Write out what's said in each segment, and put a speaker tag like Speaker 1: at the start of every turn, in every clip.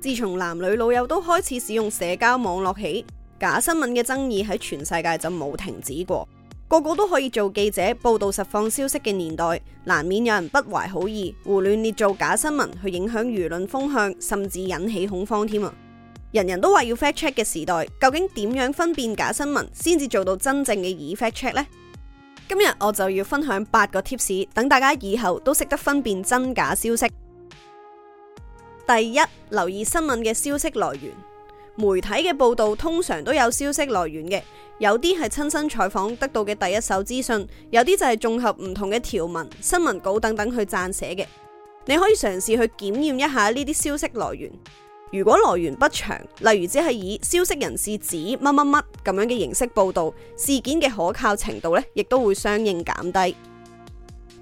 Speaker 1: 自從男女老幼都開始使用社交網絡起，假新聞嘅爭議喺全世界就冇停止過。個個都可以做記者報道實況消息嘅年代，難免有人不懷好意，胡亂捏造假新聞去影響輿論風向，甚至引起恐慌添啊！人人都話要 fact check 嘅時代，究竟點樣分辨假新聞先至做到真正嘅已、e、fact check 呢？今日我就要分享八個 tips，等大家以後都識得分辨真假消息。第一，留意新聞嘅消息來源，媒體嘅報道通常都有消息來源嘅，有啲係親身採訪得到嘅第一手資訊，有啲就係綜合唔同嘅條文、新聞稿等等去撰寫嘅。你可以嘗試去檢驗一下呢啲消息來源。如果來源不詳，例如只係以消息人士指乜乜乜咁樣嘅形式報道，事件嘅可靠程度咧，亦都會相應減低。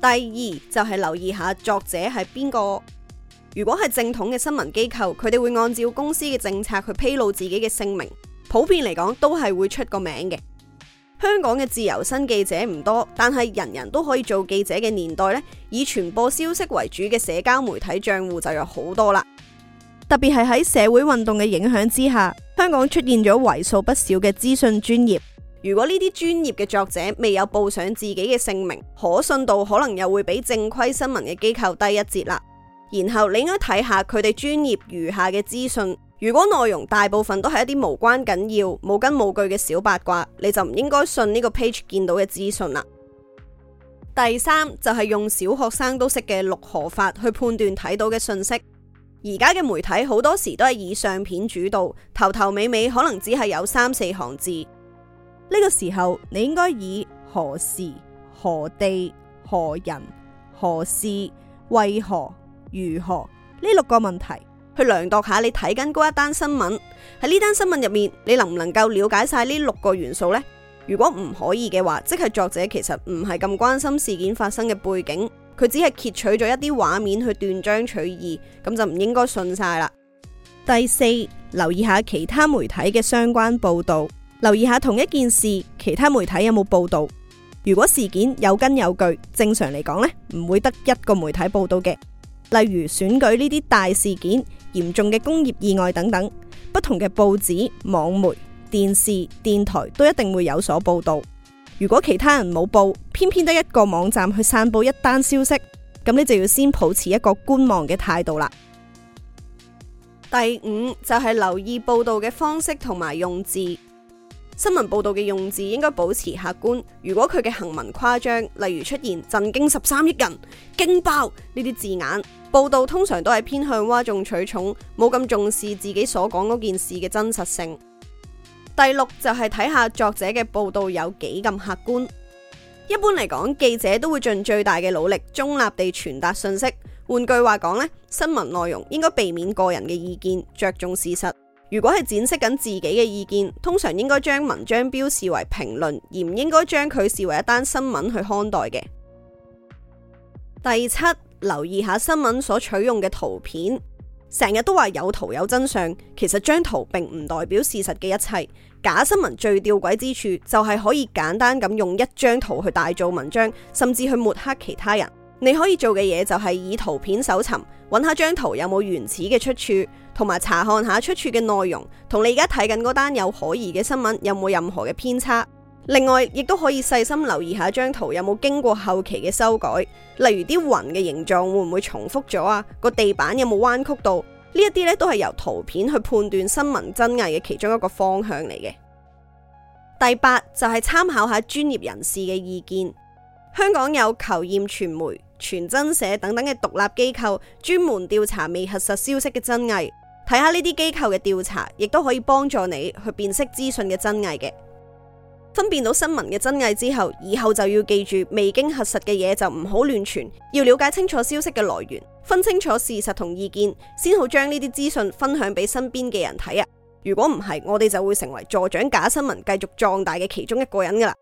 Speaker 1: 第二，就係留意下作者係邊個。如果係正統嘅新聞機構，佢哋會按照公司嘅政策去披露自己嘅姓名。普遍嚟講，都係會出個名嘅。香港嘅自由新記者唔多，但係人人都可以做記者嘅年代咧，以傳播消息為主嘅社交媒體賬戶就有好多啦。特別係喺社會運動嘅影響之下，香港出現咗為數不少嘅資訊專業。如果呢啲專業嘅作者未有報上自己嘅姓名，可信度可能又會比正規新聞嘅機構低一截啦。然後你應該睇下佢哋專業餘下嘅資訊。如果內容大部分都係一啲無關緊要、冇根冇據嘅小八卦，你就唔應該信呢個 page 見到嘅資訊啦。第三就係用小學生都識嘅六何法去判斷睇到嘅信息。而家嘅媒體好多時都係以相片主導，頭頭尾尾可能只係有三四行字。呢個時候你應該以何時、何地、何人、何事、為何。如何呢六個問題去量度下，你睇緊嗰一單新聞。喺呢單新聞入面，你能唔能夠了解晒呢六個元素呢？如果唔可以嘅話，即係作者其實唔係咁關心事件發生嘅背景，佢只係揭取咗一啲畫面去斷章取義，咁就唔應該信晒啦。第四，留意下其他媒體嘅相關報道，留意下同一件事其他媒體有冇報道。如果事件有根有據，正常嚟講呢，唔會得一個媒體報道嘅。例如選舉呢啲大事件、嚴重嘅工業意外等等，不同嘅報紙、網媒、電視、電台都一定會有所報導。如果其他人冇報，偏偏得一個網站去散佈一單消息，咁你就要先保持一個觀望嘅態度啦。第五就係、是、留意報導嘅方式同埋用字。新聞報導嘅用字應該保持客觀，如果佢嘅行文誇張，例如出現震驚十三億人、驚爆呢啲字眼，報道通常都係偏向嘩眾取寵，冇咁重視自己所講嗰件事嘅真實性。第六就係睇下作者嘅報導有幾咁客觀。一般嚟講，記者都會盡最大嘅努力中立地傳達信息。換句話講呢，新聞內容應該避免個人嘅意見，着重事實。如果係展示緊自己嘅意見，通常應該將文章標示為評論，而唔應該將佢視為一單新聞去看待嘅。第七，留意下新聞所取用嘅圖片，成日都話有圖有真相，其實張圖並唔代表事實嘅一切。假新聞最吊詭之處就係可以簡單咁用一張圖去大做文章，甚至去抹黑其他人。你可以做嘅嘢就係以圖片搜尋，揾下張圖有冇原始嘅出處。同埋查看下出處嘅內容，同你而家睇緊嗰單有可疑嘅新聞有冇任何嘅偏差？另外，亦都可以細心留意下張圖有冇經過後期嘅修改，例如啲雲嘅形狀會唔會重複咗啊？個地板有冇彎曲度？呢一啲咧都係由圖片去判斷新聞真偽嘅其中一個方向嚟嘅。第八就係參考下專業人士嘅意見。香港有求驗傳媒、傳真社等等嘅獨立機構，專門調查未核實消息嘅真偽。睇下呢啲機構嘅調查，亦都可以幫助你去辨識資訊嘅真偽嘅。分辨到新聞嘅真偽之後，以後就要記住未經核實嘅嘢就唔好亂傳，要了解清楚消息嘅來源，分清楚事實同意見，先好將呢啲資訊分享俾身邊嘅人睇啊！如果唔係，我哋就會成為助長假新聞繼續壯大嘅其中一個人㗎喇。